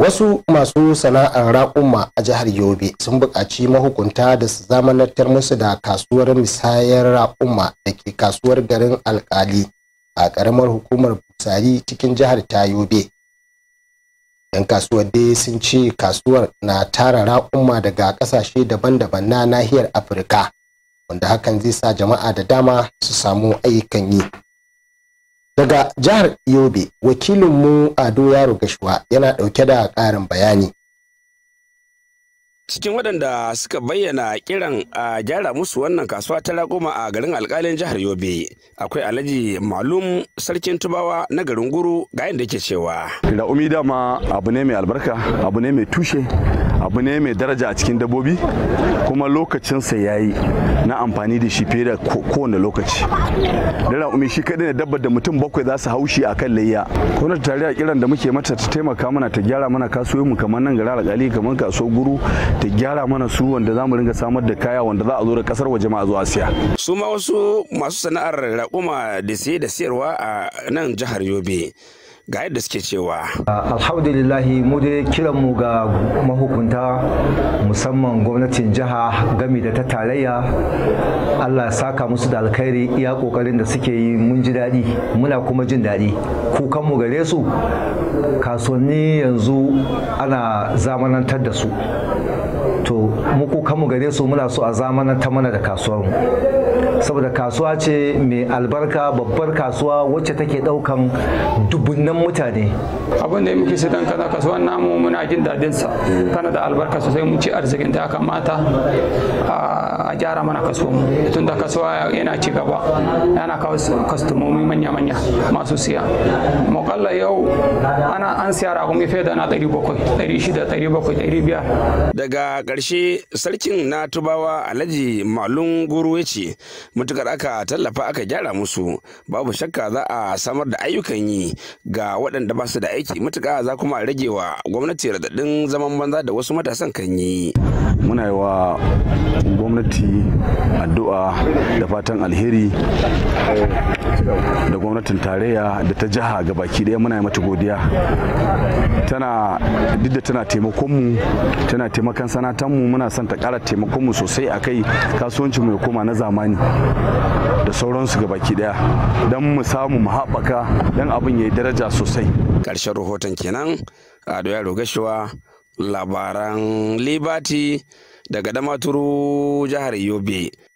wasu masu sana'ar raƙuma a jihar yobe sun buƙaci mahukunta da su zamanantar musu da kasuwar misayar raƙuma da ke kasuwar garin alƙali a ƙaramar hukumar busari cikin jihar ta yobe yan kasuwar dai sun ce kasuwar na tara raƙuma daga ƙasashe daban-daban na nahiyar afirka wanda hakan zai sa jama'a da dama su samu ayyukan yi Daga jihar Yobe, wakilinmu Ado Yaro Gashuwa yana ɗauke da ƙarin bayani. cikin waɗanda suka bayyana kiran a gyara musu wannan kasuwa ta ragoma a garin alkalin jihar yobe akwai alhaji malum sarkin tubawa na garin guru ga yadda ke cewa da umi dama abu ne mai albarka abu ne mai tushe abu ne mai daraja a cikin dabbobi kuma lokacinsa ya yi na amfani da shi fiye da kowane lokaci dara umi shi kaɗai ne dabba da mutum bakwai za su haushi a kan layya kuma tare a kiran da muke mata ta taimaka mana ta gyara mana kasuwanmu kamar nan gara alkali kamar kaso guru ta gyara mana su wanda za mu ringa samar da kaya wanda za a zo da kasar waje ma zuwa siya su ma wasu masu sana'ar raƙuma da siye da siyarwa a nan jihar yobe ga yadda suke cewa ah, alhamdulillahi mu dai kiran mu ga mahukunta musamman gwamnatin jiha gami da ta tarayya Allah ya saka musu da alkhairi iya kokarin da suke yi mun ji daɗi muna kuma jin daɗi kukanmu mu gare su kasuwanni yanzu ana zamanantar da su to mu kukan mu gare su muna so a zamanantar mana da kasuwar mu saboda kasuwa ce mai albarka babbar kasuwa wacce take daukan dubunnan mutane abin da muke sai kaza kasuwa namu muna jin dadin sa kana da albarka sosai mun ci arzikin da kamata a gyara mana kasuwa mu tun da kasuwa yana ci gaba yana kawo kastomomi manya manya masu siya mukalla yau ana an siya ragumi fiye da na 700 600 700 500 daga ƙarshe sarkin na tubawa alhaji malum guru ya ce Matukar aka tallafa aka gyara musu babu shakka za a samar da ayyukan yi ga waɗanda ba su da aiki mutuka za kuma rage wa gwamnati radadin zaman banza da wasu matasan kan yi. muna yi wa gwamnati addu'a da fatan alheri da gwamnatin tarayya da ta jiha ga baki daya muna yi mata godiya tana duk da tana taimakon mu tana taimakon sanatan mu muna son ta kara taimakon mu a kai kasuwanci mai koma na zamani da sauransu ga baki daya don mu samu mu haɓaka don abin ya yi daraja sosai ƙarshen rahoton kenan a ya rogashiwa labaran Liberty daga Damaturu jihar Yobe.